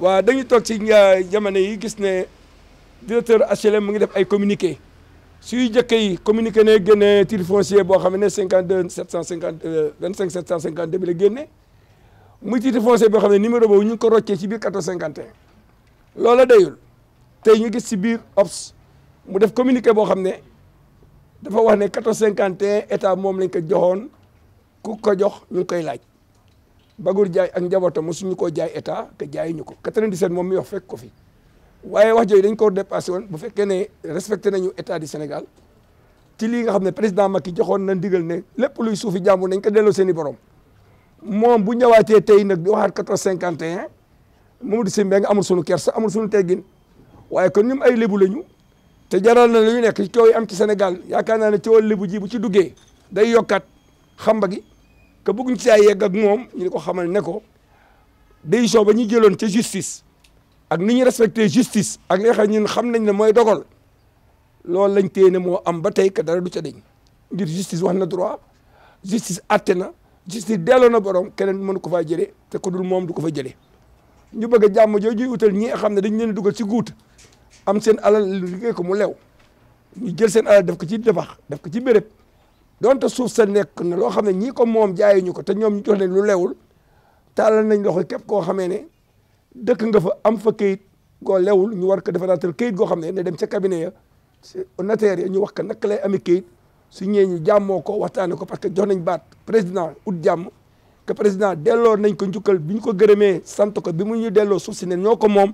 waaw dañuy toog ci euh, jamono yi gis ne directeur HLM mu ngi def ay communiqué suy jëkk yi communiqué ne génne titre foncier boo xam ne cinquante deux sept cent cinquante euh, vingt cinq bi la génne muy titre foncier boo xam ne numéro boobu ñu ngi ko roccee ci biir quatorze cinquante et un loola dayul tey ñu gis si biir OPS mu def communiqué boo xam ne dafa wax ne quatorze cinquante et un état moom lañ ko joxoon ku ko jox ñu koy laaj Bagoor Jaay ak njabootam mosuñu koo jaay état te jaayuñu ko 97 moom mi wax fekk ko fi waaye wax jooju dañ ko dépassé woon bu fekkee ne respecté nañu état du Sénégal ti lii nga xam ne président Macky joxoon na diggal ne lépp luy suufi jàmbur nañ ko delloo seen borom moom bu ñëwaatee tey nag di waxaat 451 Mamadou Sy Mbengue amul sunu kersa amul sunu teggin waaye kon ñun ay lébu lañu te jaral na lu ñu nekk coow yi am ci Sénégal yaakaar naa ne ci wàllu lébu ji bu ci duggee day yokkaat xamba gi. que bëgguñ ci ay yegg ak moom ñu di ko xamal ne ko décision ba ñu jëloon ca justice ak ni ñu respecté justice ak li nga xam ñun xam nañ ne mooy dogal loolu lañ téye ne moo am ba tey que dara du ca deñ ngir justice wax na droit justice atte na justice delloo na borom keneen mënu ko faa jëlee te ku dul moom du ko fa jëlee ñu bëgg a jàmm jooju ñuy utal ñi nga xam ne dañ leen dugal ci guut am seen alal liggéey ko mu lew ñu jël seen alal def ko ci defax def ko ci béréb donte suuf sa nekk na loo xam ne ñii ko moom jaayuñu ko te ñoom ñu jox leen lu lewul taalal nañ loxo képp koo xamee ne dëkk nga fa am fa kayit goo lewul ñu war ko defaraatal kayit goo xam ne ne dem ca cabinet ya notaire ya ñu wax ka naka lay ame kayit su ñëwee ñu jàmmoo ko waxtaane ko parce que jox nañ baat président ut jàmm que président delloo nañ ko njukkal bi ñu ko gërëmee sant ko bi mu ñu delloo suuf si ne ñoo ko moom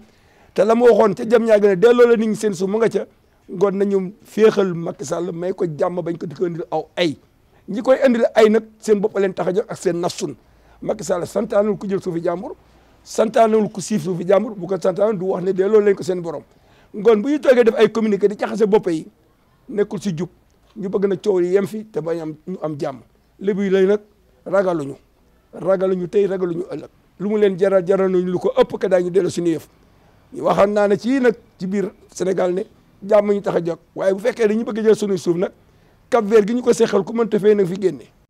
te la mu waxoon ca jam ñaa gën delloo la nit mu nga ca ngoon nañu féexal Macky Sall may ko jàmm bañ ko di ko indil aw ay ñi koy indil ay nag seen bopp leen tax a ak seen nafsun Macky Sall santaanul ku jël suufi jàmbur santaanul ku siif suufi jàmbur bu ko santaanul du wax ne delloo leen ko seen borom ngoon bu ñu toogee def ay communiqué di jaxase bopp nekkul si jub ñu bëgg na coow yi yem fi te bañ am ñu am jàmm lébu yi lay nag ragaluñu ragaluñu tey ragaluñu ëllëg lu mu leen jaral jaral ñu lu ko ëpp ka daañu delloo suñu yëf ñu waxoon naa ne ci nag ci biir Sénégal ne jàmm ñu tax a jóg waaye bu fekkee dañu bëgg jël sunuy suuf nag Cap Vert gi ñu ko seexal ku mënta fay nag fi génne